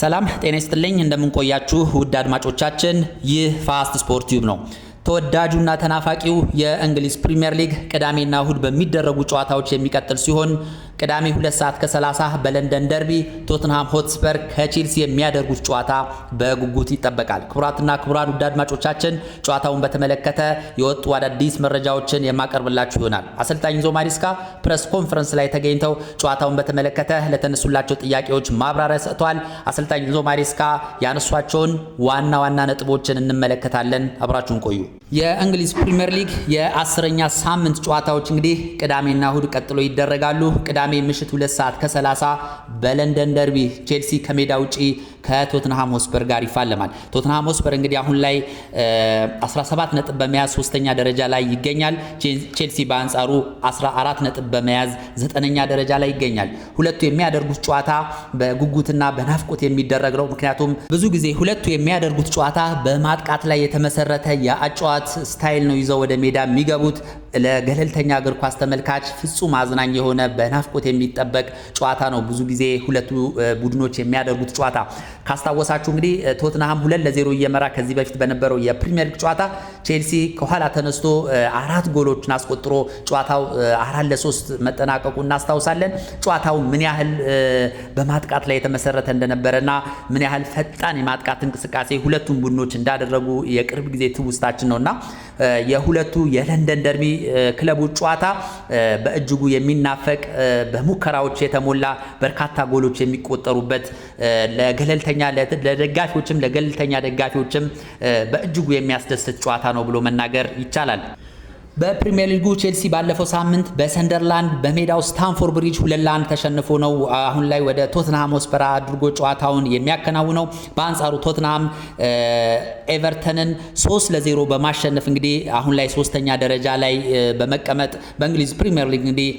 ሰላም ጤና ይስጥልኝ። እንደምንቆያችሁ ውድ አድማጮቻችን፣ ይህ ፋስት ስፖርት ዩብ ነው። ተወዳጁና ተናፋቂው የእንግሊዝ ፕሪምየር ሊግ ቅዳሜና እሁድ በሚደረጉ ጨዋታዎች የሚቀጥል ሲሆን ቅዳሜ 2 ሰዓት ከ30 በለንደን ደርቢ ቶትንሃም ሆትስፐር ከቼልሲ የሚያደርጉት ጨዋታ በጉጉት ይጠበቃል። ክቡራትና ክቡራን ውድ አድማጮቻችን ጨዋታውን በተመለከተ የወጡ አዳዲስ መረጃዎችን የማቀርብላችሁ ይሆናል። አሰልጣኝ ኢንዞ ማሪስካ ፕሬስ ኮንፈረንስ ላይ ተገኝተው ጨዋታውን በተመለከተ ለተነሱላቸው ጥያቄዎች ማብራሪያ ሰጥቷል። አሰልጣኝ ኢንዞ ማሪስካ ያነሷቸውን ዋና ዋና ነጥቦችን እንመለከታለን። አብራችሁን ቆዩ። የእንግሊዝ ፕሪምየር ሊግ የአስረኛ ሳምንት ጨዋታዎች እንግዲህ ቅዳሜና እሁድ ቀጥሎ ይደረጋሉ። ቅዳሜ ምሽት ሁለት ሰዓት ከ30 በለንደን ደርቢ ቼልሲ ከሜዳ ውጪ ከቶትንሃም ሆስፐር ጋር ይፋለማል። ቶትንሃም ሆስፐር እንግዲህ አሁን ላይ 17 ነጥብ በመያዝ ሶስተኛ ደረጃ ላይ ይገኛል። ቼልሲ በአንጻሩ 14 ነጥብ በመያዝ ዘጠነኛ ደረጃ ላይ ይገኛል። ሁለቱ የሚያደርጉት ጨዋታ በጉጉትና በናፍቆት የሚደረግ ነው። ምክንያቱም ብዙ ጊዜ ሁለቱ የሚያደርጉት ጨዋታ በማጥቃት ላይ የተመሰረተ የአጭ የማጫዋት ስታይል ነው ይዘው ወደ ሜዳ የሚገቡት። ለገለልተኛ እግር ኳስ ተመልካች ፍጹም አዝናኝ የሆነ በናፍቆት የሚጠበቅ ጨዋታ ነው። ብዙ ጊዜ ሁለቱ ቡድኖች የሚያደርጉት ጨዋታ ካስታወሳችሁ እንግዲህ ቶትናሃም ሁለት ለዜሮ እየመራ ከዚህ በፊት በነበረው የፕሪሚየር ሊግ ጨዋታ ቼልሲ ከኋላ ተነስቶ አራት ጎሎችን አስቆጥሮ ጨዋታው አራት ለሶስት መጠናቀቁ እናስታውሳለን። ጨዋታው ምን ያህል በማጥቃት ላይ የተመሰረተ እንደነበረና ምን ያህል ፈጣን የማጥቃት እንቅስቃሴ ሁለቱም ቡድኖች እንዳደረጉ የቅርብ ጊዜ ትውስታችን ነውና የሁለቱ የለንደን ደርቢ ክለቦች ጨዋታ በእጅጉ የሚናፈቅ በሙከራዎች የተሞላ በርካታ ጎሎች የሚቆጠሩበት ለገለልተኛ ለደጋፊዎችም ለገለልተኛ ደጋፊዎችም በእጅጉ የሚያስደስት ጨዋታ ነው ብሎ መናገር ይቻላል። በፕሪሚየር ሊጉ ቼልሲ ባለፈው ሳምንት በሰንደርላንድ በሜዳው ስታንፎርድ ብሪጅ ሁለት ለአንድ ተሸንፎ ነው አሁን ላይ ወደ ቶትንሃም ወስፐራ አድርጎ ጨዋታውን የሚያከናውነው። በአንጻሩ ቶትንሃም ኤቨርተንን ሶስት ለዜሮ በማሸነፍ እንግዲህ አሁን ላይ ሶስተኛ ደረጃ ላይ በመቀመጥ በእንግሊዝ ፕሪሚየር ሊግ እንግዲህ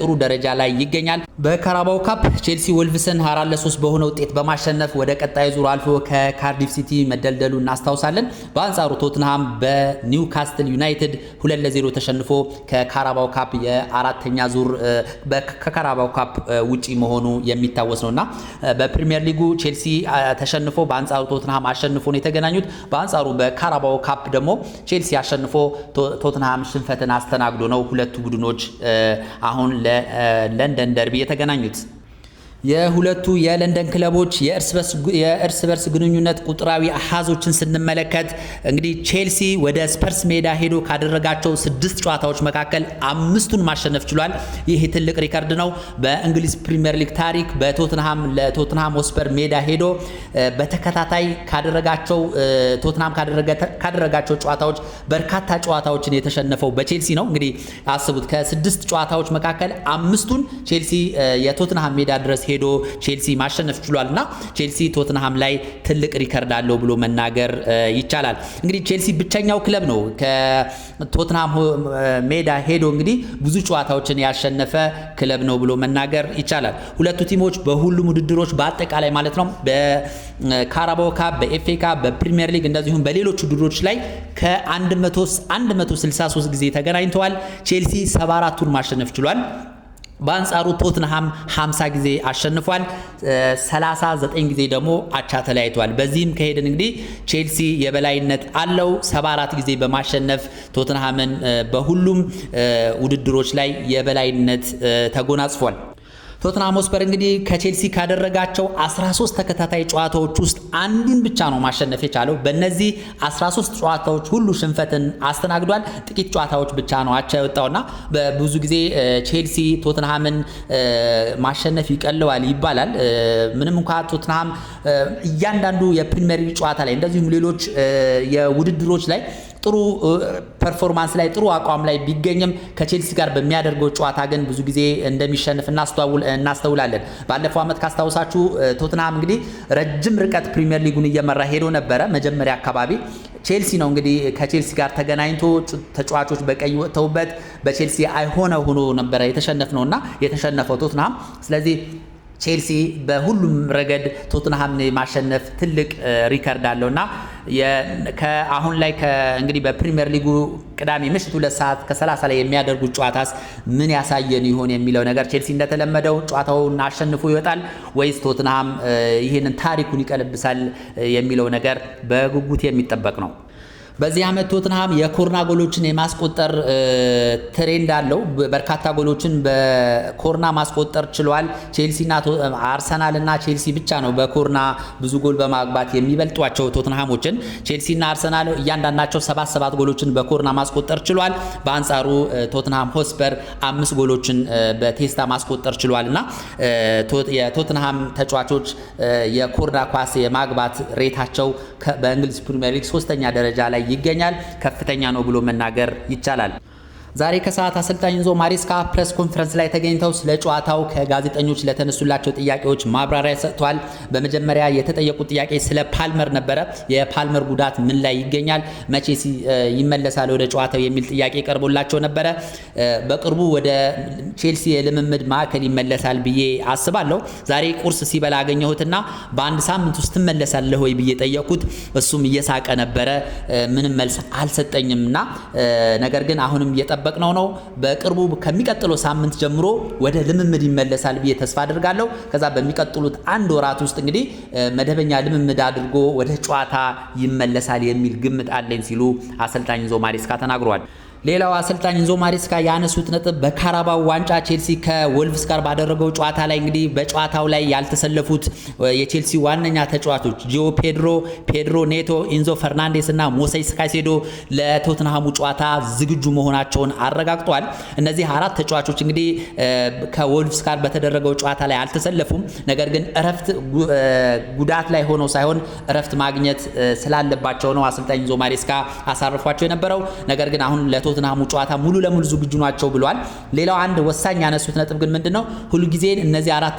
ጥሩ ደረጃ ላይ ይገኛል። በካራባው ካፕ ቼልሲ ወልቭስን አራት ለሶስት በሆነ ውጤት በማሸነፍ ወደ ቀጣዩ ዙር አልፎ ከካርዲፍ ሲቲ መደልደሉ እናስታውሳለን። በአንጻሩ ቶትንሃም በኒውካስትል ዩናይትድ ሁለት ለዜሮ ተሸንፎ ከካራባው ካፕ የአራተኛ ዙር ከካራባው ካፕ ውጪ መሆኑ የሚታወስ ነው እና በፕሪሚየር ሊጉ ቼልሲ ተሸንፎ በአንጻሩ ቶትንሃም አሸንፎ ነው የተገናኙት። በአንጻሩ በካራባው ካፕ ደግሞ ቼልሲ አሸንፎ ቶትንሃም ሽንፈትን አስተናግዶ ነው ሁለቱ ቡድኖች አሁን ለለንደን ደርቢ የተገናኙት። የሁለቱ የለንደን ክለቦች የእርስ በርስ ግንኙነት ቁጥራዊ አሃዞችን ስንመለከት እንግዲህ ቼልሲ ወደ ስፐርስ ሜዳ ሄዶ ካደረጋቸው ስድስት ጨዋታዎች መካከል አምስቱን ማሸነፍ ችሏል። ይህ ትልቅ ሪከርድ ነው። በእንግሊዝ ፕሪምየር ሊግ ታሪክ በቶትንሃም ለቶትንሃም ሆስፐር ሜዳ ሄዶ በተከታታይ ካደረጋቸው ቶትንሃም ካደረጋቸው ጨዋታዎች በርካታ ጨዋታዎችን የተሸነፈው በቼልሲ ነው። እንግዲህ አስቡት ከስድስት ጨዋታዎች መካከል አምስቱን ቼልሲ የቶትንሃም ሜዳ ድረስ ሄዶ ቼልሲ ማሸነፍ ችሏል እና ቼልሲ ቶትንሃም ላይ ትልቅ ሪከርድ አለው ብሎ መናገር ይቻላል። እንግዲህ ቼልሲ ብቸኛው ክለብ ነው ከቶትንሃም ሜዳ ሄዶ እንግዲህ ብዙ ጨዋታዎችን ያሸነፈ ክለብ ነው ብሎ መናገር ይቻላል። ሁለቱ ቲሞች በሁሉም ውድድሮች በአጠቃላይ ማለት ነው በካራባኦ ካፕ፣ በኤፍኤ ካፕ፣ በፕሪሚየር ሊግ እንደዚሁም በሌሎች ውድድሮች ላይ ከ163 ጊዜ ተገናኝተዋል። ቼልሲ 74ቱን ማሸነፍ ችሏል። በአንጻሩ ቶትንሃም 50 ጊዜ አሸንፏል፣ 39 ጊዜ ደግሞ አቻ ተለያይቷል። በዚህም ከሄድን እንግዲህ ቼልሲ የበላይነት አለው 74 ጊዜ በማሸነፍ ቶትንሃምን በሁሉም ውድድሮች ላይ የበላይነት ተጎናጽፏል። ቶትናም ሆስፐር እንግዲህ ከቼልሲ ካደረጋቸው 13 ተከታታይ ጨዋታዎች ውስጥ አንዱን ብቻ ነው ማሸነፍ የቻለው። በእነዚህ 13 ጨዋታዎች ሁሉ ሽንፈትን አስተናግዷል። ጥቂት ጨዋታዎች ብቻ ነው አቻ የወጣውና በብዙ ጊዜ ቼልሲ ቶትንሃምን ማሸነፍ ይቀለዋል ይባላል። ምንም እንኳ ቶትንሃም እያንዳንዱ የፕሪሚየር ጨዋታ ላይ እንደዚሁም ሌሎች የውድድሮች ላይ ጥሩ ፐርፎርማንስ ላይ ጥሩ አቋም ላይ ቢገኝም ከቼልሲ ጋር በሚያደርገው ጨዋታ ግን ብዙ ጊዜ እንደሚሸንፍ እናስተውላለን። ባለፈው ዓመት ካስታውሳችሁ ቶትናም እንግዲህ ረጅም ርቀት ፕሪሚየር ሊጉን እየመራ ሄዶ ነበረ መጀመሪያ አካባቢ ቼልሲ ነው እንግዲህ ከቼልሲ ጋር ተገናኝቶ ተጫዋቾች በቀይ ወጥተውበት በቼልሲ አይሆነ ሆኖ ነበረ የተሸነፍነው እና የተሸነፈው ቶትናም ስለዚህ ቼልሲ በሁሉም ረገድ ቶትንሃምን የማሸነፍ ትልቅ ሪከርድ አለው እና አሁን ላይ እንግዲህ በፕሪሚየር ሊጉ ቅዳሜ ምሽት ሁለት ሰዓት ከ30 ላይ የሚያደርጉት ጨዋታስ ምን ያሳየን ይሆን የሚለው ነገር ቼልሲ እንደተለመደው ጨዋታውን አሸንፎ ይወጣል ወይስ ቶትንሃም ይህንን ታሪኩን ይቀለብሳል የሚለው ነገር በጉጉት የሚጠበቅ ነው። በዚህ ዓመት ቶትንሃም የኮርና ጎሎችን የማስቆጠር ትሬንድ አለው። በርካታ ጎሎችን በኮርና ማስቆጠር ችሏል። ቼልሲና አርሰናልና ቼልሲ ብቻ ነው በኮርና ብዙ ጎል በማግባት የሚበልጧቸው ቶትንሃሞችን። ቼልሲና አርሰናል እያንዳንዳቸው ሰባት ሰባት ጎሎችን በኮርና ማስቆጠር ችሏል። በአንጻሩ ቶትንሃም ሆስፐር አምስት ጎሎችን በቴስታ ማስቆጠር ችሏል እና የቶትንሃም ተጫዋቾች የኮርና ኳስ የማግባት ሬታቸው በእንግሊዝ ፕሪሚየር ሊግ ሶስተኛ ደረጃ ላይ ይገኛል። ከፍተኛ ነው ብሎ መናገር ይቻላል። ዛሬ ከሰዓት አሰልጣኝ ኢንዞ ማሪስካ ፕሬስ ኮንፈረንስ ላይ ተገኝተው ስለ ጨዋታው ከጋዜጠኞች ለተነሱላቸው ጥያቄዎች ማብራሪያ ሰጥቷል። በመጀመሪያ የተጠየቁት ጥያቄ ስለ ፓልመር ነበረ። የፓልመር ጉዳት ምን ላይ ይገኛል፣ መቼ ይመለሳል ወደ ጨዋታው የሚል ጥያቄ ቀርቦላቸው ነበረ። በቅርቡ ወደ ቼልሲ የልምምድ ማዕከል ይመለሳል ብዬ አስባለሁ። ዛሬ ቁርስ ሲበላ አገኘሁትና በአንድ ሳምንት ውስጥ ትመለሳለህ ወይ ብዬ ጠየኩት። እሱም እየሳቀ ነበረ፣ ምንም መልስ አልሰጠኝምና ነገር ግን አሁንም እንደጠበቅነው ነው። በቅርቡ ከሚቀጥለው ሳምንት ጀምሮ ወደ ልምምድ ይመለሳል ብዬ ተስፋ አድርጋለሁ። ከዛ በሚቀጥሉት አንድ ወራት ውስጥ እንግዲህ መደበኛ ልምምድ አድርጎ ወደ ጨዋታ ይመለሳል የሚል ግምት አለኝ ሲሉ አሰልጣኝ ዞ ማሬስካ ተናግሯል። ሌላው አሰልጣኝ ኢንዞ ማሪስካ ያነሱት ነጥብ በካራባው ዋንጫ ቼልሲ ከወልቭስ ጋር ባደረገው ጨዋታ ላይ እንግዲህ በጨዋታው ላይ ያልተሰለፉት የቼልሲ ዋነኛ ተጫዋቾች ጂኦ ፔድሮ፣ ፔድሮ ኔቶ፣ ኢንዞ ፈርናንዴስ እና ሞሴስ ካይሴዶ ለቶትንሃሙ ጨዋታ ዝግጁ መሆናቸውን አረጋግጧል። እነዚህ አራት ተጫዋቾች እንግዲህ ከወልቭስ ጋር በተደረገው ጨዋታ ላይ አልተሰለፉም። ነገር ግን እረፍት ጉዳት ላይ ሆነው ሳይሆን እረፍት ማግኘት ስላለባቸው ነው አሰልጣኝ ኢንዞ ማሪስካ አሳርፏቸው የነበረው ነገር ግን አሁን ለቶትናሙ ጨዋታ ሙሉ ለሙሉ ዝግጁ ናቸው ብሏል። ሌላው አንድ ወሳኝ ያነሱት ነጥብ ግን ምንድነው ሁልጊዜ እነዚህ አራት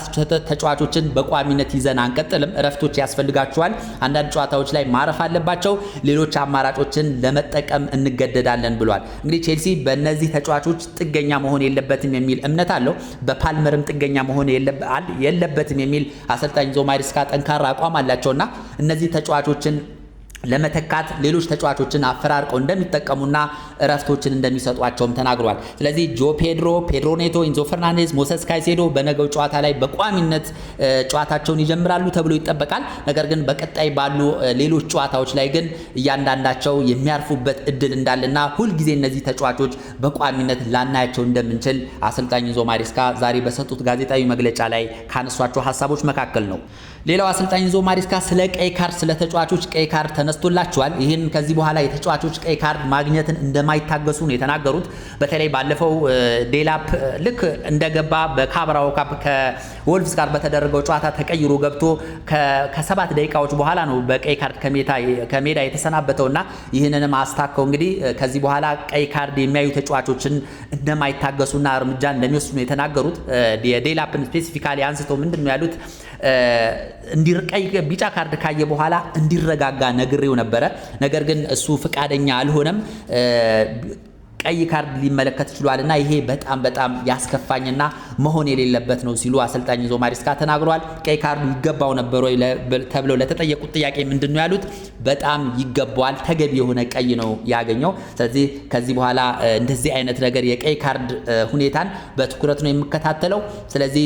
ተጫዋቾችን በቋሚነት ይዘን አንቀጥልም። እረፍቶች ያስፈልጋቸዋል። አንዳንድ ጨዋታዎች ላይ ማረፍ አለባቸው። ሌሎች አማራጮችን ለመጠቀም እንገደዳለን ብሏል። እንግዲህ ቼልሲ በእነዚህ ተጫዋቾች ጥገኛ መሆን የለበትም የሚል እምነት አለው። በፓልመርም ጥገኛ መሆን የለበትም የሚል አሰልጣኝ ዞማይርስካ ጠንካራ አቋም አላቸውና እነዚህ ተጫዋቾችን ለመተካት ሌሎች ተጫዋቾችን አፈራርቀው እንደሚጠቀሙና እረፍቶችን እንደሚሰጧቸውም ተናግሯል። ስለዚህ ጆ ፔድሮ፣ ፔድሮ ኔቶ፣ ኢንዞ ፈርናንዴዝ፣ ሞሰስ ካይሴዶ በነገው ጨዋታ ላይ በቋሚነት ጨዋታቸውን ይጀምራሉ ተብሎ ይጠበቃል። ነገር ግን በቀጣይ ባሉ ሌሎች ጨዋታዎች ላይ ግን እያንዳንዳቸው የሚያርፉበት እድል እንዳለና ሁልጊዜ እነዚህ ተጫዋቾች በቋሚነት ላናያቸው እንደምንችል አሰልጣኝ ኢንዞ ማሪስካ ዛሬ በሰጡት ጋዜጣዊ መግለጫ ላይ ካነሷቸው ሀሳቦች መካከል ነው። ሌላው አሰልጣኝ ኢንዞ ማሪስካ ስለ ቀይ ካርድ ስለ ተጫዋቾች ቀይ ካርድ ተነስቶላቸዋል። ይህን ከዚህ በኋላ የተጫዋቾች ቀይ ካርድ ማግኘትን እንደማይታገሱ ነው የተናገሩት። በተለይ ባለፈው ዴላፕ ልክ እንደገባ በካብራው ካፕ ከወልቭስ ጋር በተደረገው ጨዋታ ተቀይሮ ገብቶ ከሰባት ደቂቃዎች በኋላ ነው በቀይ ካርድ ከሜዳ የተሰናበተውና ይህንንም አስታከው እንግዲህ ከዚህ በኋላ ቀይ ካርድ የሚያዩ ተጫዋቾችን እንደማይታገሱና እርምጃ እንደሚወስዱ ነው የተናገሩት። የዴላፕን ስፔሲፊካሊ አንስተው ምንድን ነው ያሉት? እንዲርቀይ ቢጫ ካርድ ካየ በኋላ እንዲረጋጋ ነግሬው ነበረ። ነገር ግን እሱ ፍቃደኛ አልሆነም። ቀይ ካርድ ሊመለከት ችሏል እና ይሄ በጣም በጣም ያስከፋኝና መሆን የሌለበት ነው ሲሉ አሰልጣኝ ዞ ማሪስካ ተናግሯል። ቀይ ካርዱ ይገባው ነበር ወይ ተብለው ለተጠየቁት ጥያቄ ምንድን ነው ያሉት? በጣም ይገባዋል፣ ተገቢ የሆነ ቀይ ነው ያገኘው። ስለዚህ ከዚህ በኋላ እንደዚህ አይነት ነገር የቀይ ካርድ ሁኔታን በትኩረት ነው የምከታተለው፣ ስለዚህ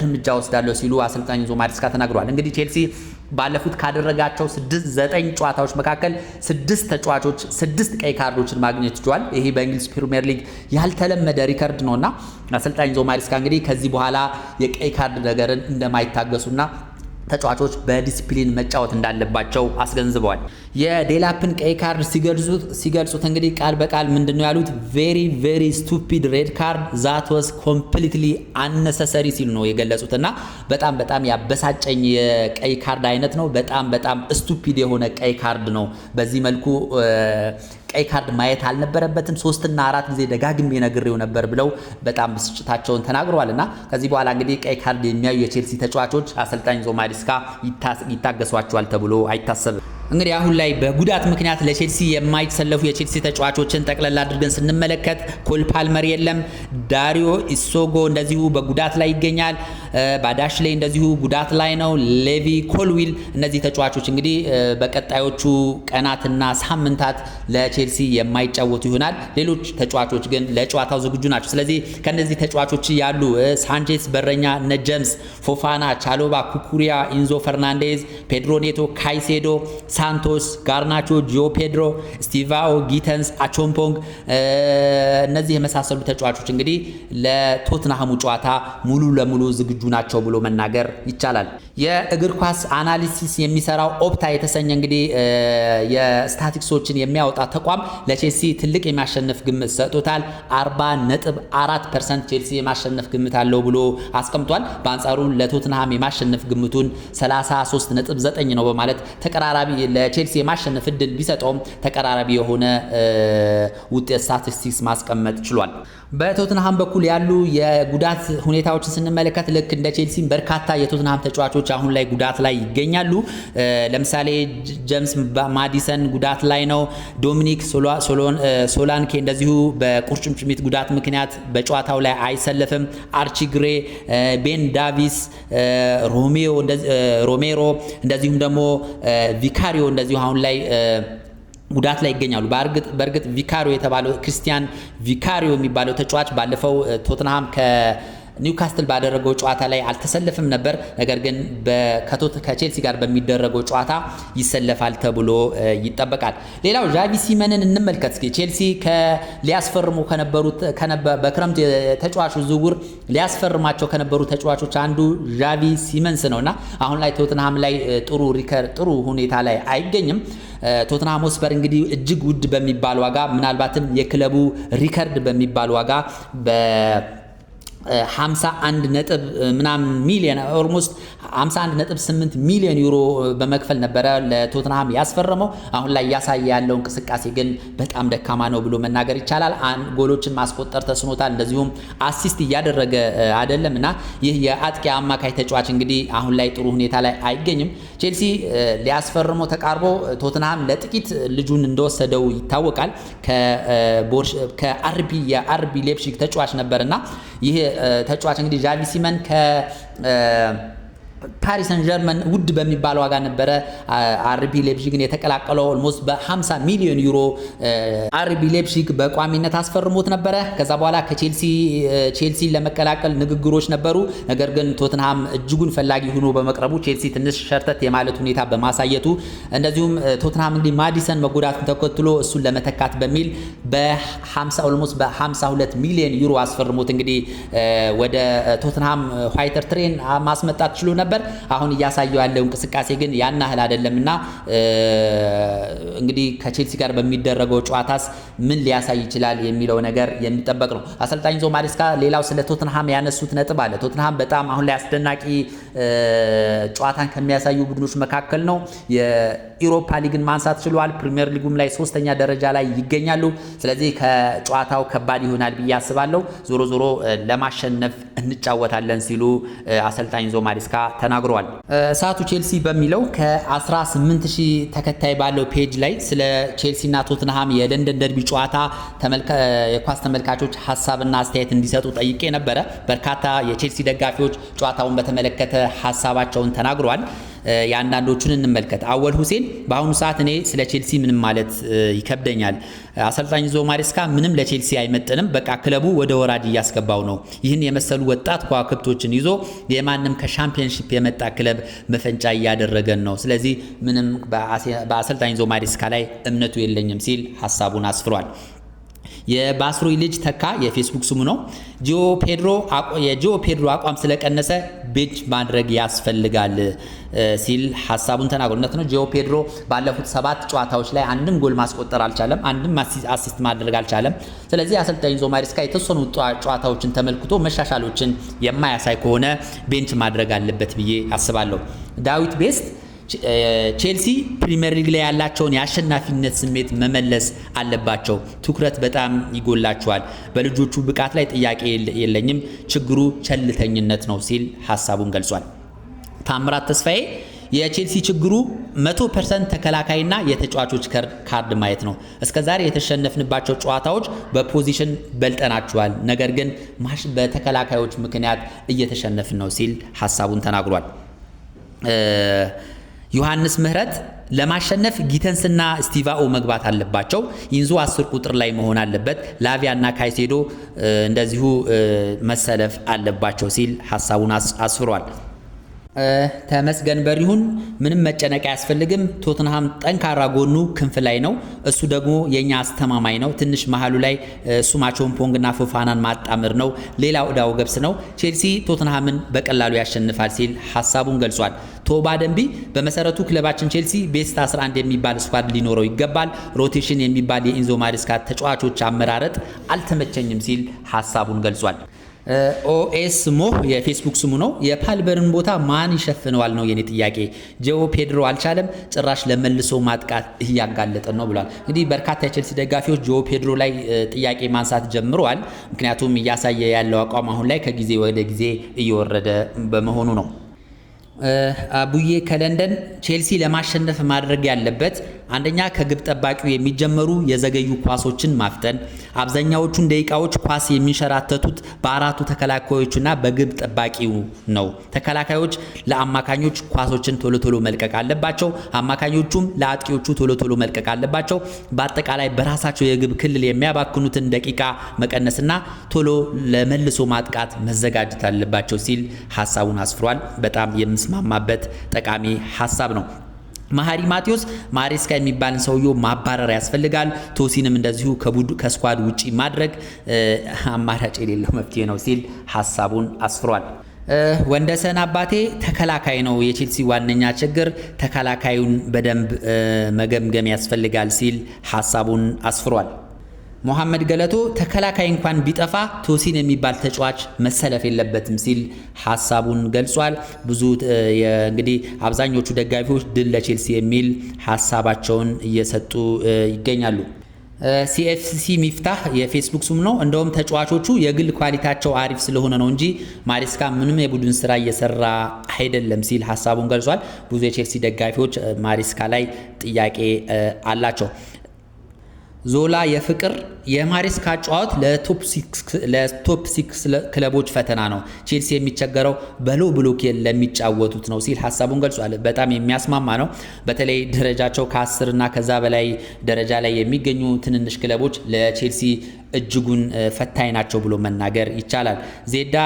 እርምጃ ወስዳለሁ ሲሉ አሰልጣኝ ዞ ማሪስካ ተናግሯል። እንግዲህ ቼልሲ ባለፉት ካደረጋቸው ስድስት ዘጠኝ ጨዋታዎች መካከል ስድስት ተጫዋቾች ስድስት ቀይ ካርዶችን ማግኘት ችሏል። ይሄ በእንግሊዝ ፕሪሚየር ሊግ ያልተለመደ ሪከርድ ነውና አሰልጣኝ ዞ ማሪስካ እንግዲህ ከዚህ በኋላ የቀይ ካርድ ነገርን እንደማይታገሱና ተጫዋቾች በዲሲፕሊን መጫወት እንዳለባቸው አስገንዝበዋል። የዴላፕን ቀይ ካርድ ሲገልጹት እንግዲህ ቃል በቃል ምንድን ነው ያሉት? ቬሪ ቬሪ ስቱፒድ ሬድ ካርድ ዛት ወስ ኮምፕሊትሊ አነሰሰሪ ሲሉ ነው የገለጹት። እና በጣም በጣም ያበሳጨኝ የቀይ ካርድ አይነት ነው። በጣም በጣም ስቱፒድ የሆነ ቀይ ካርድ ነው። በዚህ መልኩ ቀይ ካርድ ማየት አልነበረበትም። ሶስትና አራት ጊዜ ደጋግሜ ነግሬው ነበር ብለው በጣም ብስጭታቸውን ተናግረዋል። እና ከዚህ በኋላ እንግዲህ ቀይ ካርድ የሚያዩ የቼልሲ ተጫዋቾች አሰልጣኝ ዞማ ይታገሷቸዋል ተብሎ አይታሰብም። እንግዲህ አሁን ላይ በጉዳት ምክንያት ለቼልሲ የማይሰለፉ የቼልሲ ተጫዋቾችን ጠቅለል አድርገን ስንመለከት ኮል ፓልመር የለም፣ ዳሪዮ ኢሶጎ እንደዚሁ በጉዳት ላይ ይገኛል። ባዳሽ ላይ እንደዚሁ ጉዳት ላይ ነው። ሌቪ ኮልዊል፣ እነዚህ ተጫዋቾች እንግዲህ በቀጣዮቹ ቀናትና ሳምንታት ለቼልሲ የማይጫወቱ ይሆናል። ሌሎች ተጫዋቾች ግን ለጨዋታው ዝግጁ ናቸው። ስለዚህ ከነዚህ ተጫዋቾች ያሉ ሳንቼስ በረኛ፣ እነ ጀምስ፣ ፎፋና፣ ቻሎባ፣ ኩኩሪያ፣ ኢንዞ ፈርናንዴዝ፣ ፔድሮ ኔቶ፣ ካይሴዶ፣ ሳንቶስ፣ ጋርናቾ፣ ጂዮ ፔድሮ፣ ስቲቫኦ፣ ጊተንስ፣ አቾምፖንግ እነዚህ የመሳሰሉ ተጫዋቾች እንግዲህ ለቶትናሃሙ ጨዋታ ሙሉ ለሙሉ ዝግጁ ናቸው ብሎ መናገር ይቻላል። የእግር ኳስ አናሊሲስ የሚሰራው ኦፕታ የተሰኘ እንግዲህ የስታቲክሶችን የሚያወጣ ተቋም ለቼልሲ ትልቅ የማሸነፍ ግምት ሰጥቶታል። 40 ነጥብ 4 ፐርሰንት ቼልሲ የማሸነፍ ግምት አለው ብሎ አስቀምጧል። በአንጻሩ ለቶትንሃም የማሸነፍ ግምቱን 33 ነጥብ 9 ነው በማለት ተቀራራቢ ለቼልሲ የማሸነፍ እድል ቢሰጠውም ተቀራራቢ የሆነ ውጤት ስታቲስቲክስ ማስቀመጥ ችሏል። በቶትንሃም በኩል ያሉ የጉዳት ሁኔታዎችን ስንመለከት ልክ እንደ ቼልሲም በርካታ የቶትናም ተጫዋቾች አሁን ላይ ጉዳት ላይ ይገኛሉ። ለምሳሌ ጀምስ ማዲሰን ጉዳት ላይ ነው። ዶሚኒክ ሶላንኬ እንደዚሁ በቁርጭምጭሚት ጉዳት ምክንያት በጨዋታው ላይ አይሰለፍም። አርቺ ግሬ፣ ቤን ዳቪስ፣ ሮሜሮ እንደዚሁም ደግሞ ቪካሪዮ እንደዚሁ አሁን ላይ ጉዳት ላይ ይገኛሉ። በእርግጥ ቪካሪዮ የተባለው ክርስቲያን ቪካሪዮ የሚባለው ተጫዋች ባለፈው ቶትንሃም ከ ኒውካስትል ባደረገው ጨዋታ ላይ አልተሰለፍም ነበር። ነገር ግን ከቼልሲ ጋር በሚደረገው ጨዋታ ይሰለፋል ተብሎ ይጠበቃል። ሌላው ዣቪ ሲመንን እንመልከት እስኪ። ቼልሲ ሊያስፈርሙ ከነበሩት በክረምት ተጫዋቹ ዝውውር ሊያስፈርማቸው ከነበሩ ተጫዋቾች አንዱ ዣቪ ሲመንስ ነውና አሁን ላይ ቶትንሃም ላይ ጥሩ ሪከር ጥሩ ሁኔታ ላይ አይገኝም። ቶትንሃም ሆስፐር እንግዲህ እጅግ ውድ በሚባል ዋጋ ምናልባትም የክለቡ ሪከርድ በሚባል ዋጋ 51 ነጥብ ምናምን ሚሊዮን ኦልሞስት 51 ነጥብ 8 ሚሊዮን ዩሮ በመክፈል ነበረ ለቶትንሃም ያስፈረመው። አሁን ላይ እያሳየ ያለው እንቅስቃሴ ግን በጣም ደካማ ነው ብሎ መናገር ይቻላል። ጎሎችን ማስቆጠር ተስኖታል፣ እንደዚሁም አሲስት እያደረገ አይደለም እና ይህ የአጥቂ አማካይ ተጫዋች እንግዲህ አሁን ላይ ጥሩ ሁኔታ ላይ አይገኝም። ቼልሲ ሊያስፈርመው ተቃርቦ ቶትንሃም ለጥቂት ልጁን እንደወሰደው ይታወቃል። ከአርቢ የአርቢ ሌፕሺግ ተጫዋች ነበር ይህ ተጫዋች እንግዲህ ዣቪ ሲመን ከ ፓሪስ ሰን ጀርመን ውድ በሚባል ዋጋ ነበረ አርቢ ሌፕሺግን የተቀላቀለው። ኦልሞስት በ50 ሚሊዮን ዩሮ አርቢ ሌፕሺግ በቋሚነት አስፈርሞት ነበረ። ከዛ በኋላ ከቼልሲ ለመቀላቀል ንግግሮች ነበሩ። ነገር ግን ቶትንሃም እጅጉን ፈላጊ ሆኖ በመቅረቡ ቼልሲ ትንሽ ሸርተት የማለት ሁኔታ በማሳየቱ እንደዚሁም ቶትንሃም እንግዲህ ማዲሰን መጎዳቱን ተከትሎ እሱን ለመተካት በሚል በ50 ኦልሞስት በ52 ሚሊዮን ዩሮ አስፈርሞት እንግዲህ ወደ ቶትንሃም ዋይተር ትሬን ማስመጣት ችሎ ነበር። ነበር። አሁን እያሳየው ያለው እንቅስቃሴ ግን ያን ያህል አይደለምና እንግዲህ ከቼልሲ ጋር በሚደረገው ጨዋታስ ምን ሊያሳይ ይችላል የሚለው ነገር የሚጠበቅ ነው። አሰልጣኝ ዞ ማሬስካ ሌላው ስለ ቶትንሃም ያነሱት ነጥብ አለ። ቶትንሃም በጣም አሁን ላይ አስደናቂ ጨዋታን ከሚያሳዩ ቡድኖች መካከል ነው። የኢሮፓ ሊግን ማንሳት ችሏል። ፕሪሚየር ሊጉም ላይ ሶስተኛ ደረጃ ላይ ይገኛሉ። ስለዚህ ከጨዋታው ከባድ ይሆናል ብዬ አስባለሁ። ዞሮ ዞሮ ለማሸነፍ እንጫወታለን ሲሉ አሰልጣኝ ዞ ማሬስካ ተናግሯል። እሳቱ ቼልሲ በሚለው ከ18000 ተከታይ ባለው ፔጅ ላይ ስለ ቼልሲና ቶትንሃም የለንደን ደርቢ ጨዋታ የኳስ ተመልካቾች ሀሳብና አስተያየት እንዲሰጡ ጠይቄ ነበረ። በርካታ የቼልሲ ደጋፊዎች ጨዋታውን በተመለከተ ሀሳባቸውን ተናግረዋል። የአንዳንዶቹን እንመልከት። አወል ሁሴን በአሁኑ ሰዓት እኔ ስለ ቼልሲ ምንም ማለት ይከብደኛል። አሰልጣኝ ዞ ማሬስካ ምንም ለቼልሲ አይመጥንም፣ በቃ ክለቡ ወደ ወራድ እያስገባው ነው። ይህን የመሰሉ ወጣት ከዋክብቶችን ይዞ የማንም ከሻምፒዮንሺፕ የመጣ ክለብ መፈንጫ እያደረገን ነው። ስለዚህ ምንም በአሰልጣኝ ዞ ማሬስካ ላይ እምነቱ የለኝም ሲል ሀሳቡን አስፍሯል። የባስሩይ ልጅ ተካ የፌስቡክ ስሙ ነው። ጂኦ ፔድሮ አቋም ስለቀነሰ ቤጅ ማድረግ ያስፈልጋል ሲል ሀሳቡን ተናግሮ እውነት ነው። ጂኦ ፔድሮ ባለፉት ሰባት ጨዋታዎች ላይ አንድም ጎል ማስቆጠር አልቻለም፣ አንድም አሲስት ማድረግ አልቻለም። ስለዚህ አሰልጣኝ ዞማሪስካ ማሪስካ የተወሰኑ ጨዋታዎችን ተመልክቶ መሻሻሎችን የማያሳይ ከሆነ ቤንች ማድረግ አለበት ብዬ አስባለሁ። ዳዊት ቤስት ቼልሲ ፕሪምየር ሊግ ላይ ያላቸውን የአሸናፊነት ስሜት መመለስ አለባቸው። ትኩረት በጣም ይጎላቸዋል። በልጆቹ ብቃት ላይ ጥያቄ የለኝም፣ ችግሩ ቸልተኝነት ነው ሲል ሀሳቡን ገልጿል። ታምራት ተስፋዬ የቼልሲ ችግሩ መቶ ፐርሰንት ተከላካይና የተጫዋቾች ካርድ ማየት ነው። እስከ ዛሬ የተሸነፍንባቸው ጨዋታዎች በፖዚሽን በልጠናቸዋል፣ ነገር ግን በተከላካዮች ምክንያት እየተሸነፍን ነው ሲል ሀሳቡን ተናግሯል። ዮሐንስ ምህረት ለማሸነፍ ጊተንስና ስቲቫኦ መግባት አለባቸው። ኢንዞ አስር ቁጥር ላይ መሆን አለበት። ላቪያና ካይሴዶ እንደዚሁ መሰለፍ አለባቸው ሲል ሀሳቡን አስፍሯል። ተመስገን በሪሁን ምንም መጨነቅ አያስፈልግም። ቶትንሃም ጠንካራ ጎኑ ክንፍ ላይ ነው። እሱ ደግሞ የኛ አስተማማኝ ነው። ትንሽ መሀሉ ላይ እሱ ፖንግና ፎፋናን ማጣምር ነው። ሌላው እዳው ገብስ ነው። ቼልሲ ቶትንሃምን በቀላሉ ያሸንፋል ሲል ሀሳቡን ገልጿል። ቶባ ደንቢ በመሰረቱ ክለባችን ቼልሲ ቤስት 11 የሚባል ስኳድ ሊኖረው ይገባል። ሮቴሽን የሚባል የኢንዞ ማሪስካ ተጫዋቾች አመራረጥ አልተመቸኝም ሲል ሀሳቡን ገልጿል። ኦኤስ ሞህ የፌስቡክ ስሙ ነው። የፓልበርን ቦታ ማን ይሸፍነዋል ነው የኔ ጥያቄ። ጆ ፔድሮ አልቻለም፣ ጭራሽ ለመልሶ ማጥቃት እያጋለጠን ነው ብሏል። እንግዲህ በርካታ የቼልሲ ደጋፊዎች ጆ ፔድሮ ላይ ጥያቄ ማንሳት ጀምረዋል። ምክንያቱም እያሳየ ያለው አቋም አሁን ላይ ከጊዜ ወደ ጊዜ እየወረደ በመሆኑ ነው። አቡዬ ከለንደን ቼልሲ ለማሸነፍ ማድረግ ያለበት አንደኛ ከግብ ጠባቂው የሚጀመሩ የዘገዩ ኳሶችን ማፍጠን፣ አብዛኛዎቹን ደቂቃዎች ኳስ የሚንሸራተቱት በአራቱ ተከላካዮችና በግብ ጠባቂው ነው። ተከላካዮች ለአማካኞች ኳሶችን ቶሎ ቶሎ መልቀቅ አለባቸው፣ አማካኞቹም ለአጥቂዎቹ ቶሎ ቶሎ መልቀቅ አለባቸው። በአጠቃላይ በራሳቸው የግብ ክልል የሚያባክኑትን ደቂቃ መቀነስና ቶሎ ለመልሶ ማጥቃት መዘጋጀት አለባቸው ሲል ሀሳቡን አስፍሯል። በጣም የምስ ማማበት ጠቃሚ ሀሳብ ነው። መሀሪ ማቴዎስ ማሬስካ የሚባልን ሰውዬው ማባረር ያስፈልጋል። ቶሲንም እንደዚሁ ከስኳድ ውጪ ማድረግ አማራጭ የሌለው መፍትሄ ነው ሲል ሀሳቡን አስፍሯል። ወንደሰን አባቴ ተከላካይ ነው የቼልሲ ዋነኛ ችግር፣ ተከላካዩን በደንብ መገምገም ያስፈልጋል ሲል ሀሳቡን አስፍሯል። ሞሐመድ ገለቶ ተከላካይ እንኳን ቢጠፋ ቶሲን የሚባል ተጫዋች መሰለፍ የለበትም ሲል ሀሳቡን ገልጿል። ብዙ እንግዲህ አብዛኞቹ ደጋፊዎች ድል ለቼልሲ የሚል ሀሳባቸውን እየሰጡ ይገኛሉ። ሲኤፍሲ ሚፍታህ የፌስቡክ ስም ነው። እንደውም ተጫዋቾቹ የግል ኳሊታቸው አሪፍ ስለሆነ ነው እንጂ ማሪስካ ምንም የቡድን ስራ እየሰራ አይደለም ሲል ሀሳቡን ገልጿል። ብዙ የቼልሲ ደጋፊዎች ማሪስካ ላይ ጥያቄ አላቸው። ዞላ የፍቅር የማሬስካ ጨዋት ለቶፕ ሲክስ ክለቦች ፈተና ነው፣ ቼልሲ የሚቸገረው በሎ ብሎክ ለሚጫወቱት ነው ሲል ሀሳቡን ገልጿል። በጣም የሚያስማማ ነው። በተለይ ደረጃቸው ከአስር እና ከዛ በላይ ደረጃ ላይ የሚገኙ ትንንሽ ክለቦች ለቼልሲ እጅጉን ፈታኝ ናቸው ብሎ መናገር ይቻላል። ዜዳ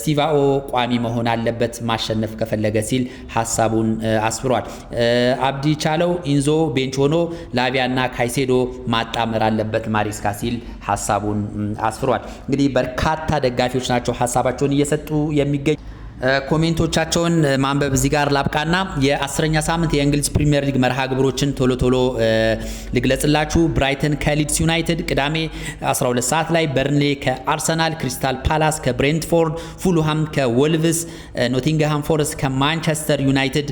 ሲቫኦ ቋሚ መሆን አለበት ማሸነፍ ከፈለገ ሲል ሀሳቡን አስፍሯል። አብዲ ቻለው፣ ኢንዞ፣ ቤንቾኖ፣ ላቪያና ካይሴዶ ማጣመር አለበት ማሪስካ ሲል ሀሳቡን አስፍሯል። እንግዲህ በርካታ ደጋፊዎች ናቸው ሀሳባቸውን እየሰጡ የሚገኝ ኮሜንቶቻቸውን ማንበብ እዚህ ጋር ላብቃና የአስረኛ ሳምንት የእንግሊዝ ፕሪሚየር ሊግ መርሃ ግብሮችን ቶሎ ቶሎ ልግለጽላችሁ። ብራይተን ከሊድስ ዩናይትድ ቅዳሜ 12 ሰዓት ላይ፣ በርንሌ ከአርሰናል፣ ክሪስታል ፓላስ ከብሬንትፎርድ፣ ፉልሃም ከወልቭስ፣ ኖቲንግሃም ፎረስት ከማንቸስተር ዩናይትድ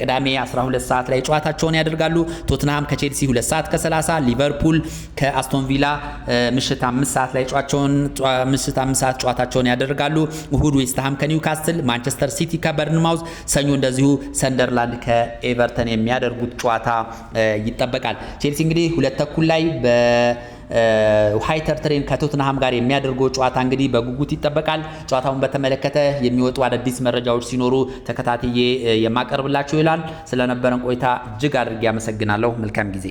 ቅዳሜ 12 ሰዓት ላይ ጨዋታቸውን ያደርጋሉ። ቶትንሃም ከቼልሲ 2 ሰዓት ከ30፣ ሊቨርፑል ከአስቶን ቪላ ምሽት 5 ሰዓት ላይ ጨዋታቸውን ያደርጋሉ። እሁድ ዌስትሃም ከኒውካስ ካስል፣ ማንቸስተር ሲቲ ከበርንማውዝ፣ ሰኞ እንደዚሁ ሰንደርላንድ ከኤቨርተን የሚያደርጉት ጨዋታ ይጠበቃል። ቼልሲ እንግዲህ ሁለት ተኩል ላይ በ ሃይተር ትሬን ከቶትንሃም ጋር የሚያደርገው ጨዋታ እንግዲህ በጉጉት ይጠበቃል። ጨዋታውን በተመለከተ የሚወጡ አዳዲስ መረጃዎች ሲኖሩ ተከታትዬ የማቀርብላችሁ ይላል። ስለነበረን ቆይታ እጅግ አድርጌ አመሰግናለሁ። መልካም ጊዜ